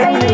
Amen.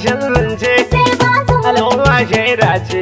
ƙarshen zance, al'umma shaida ce.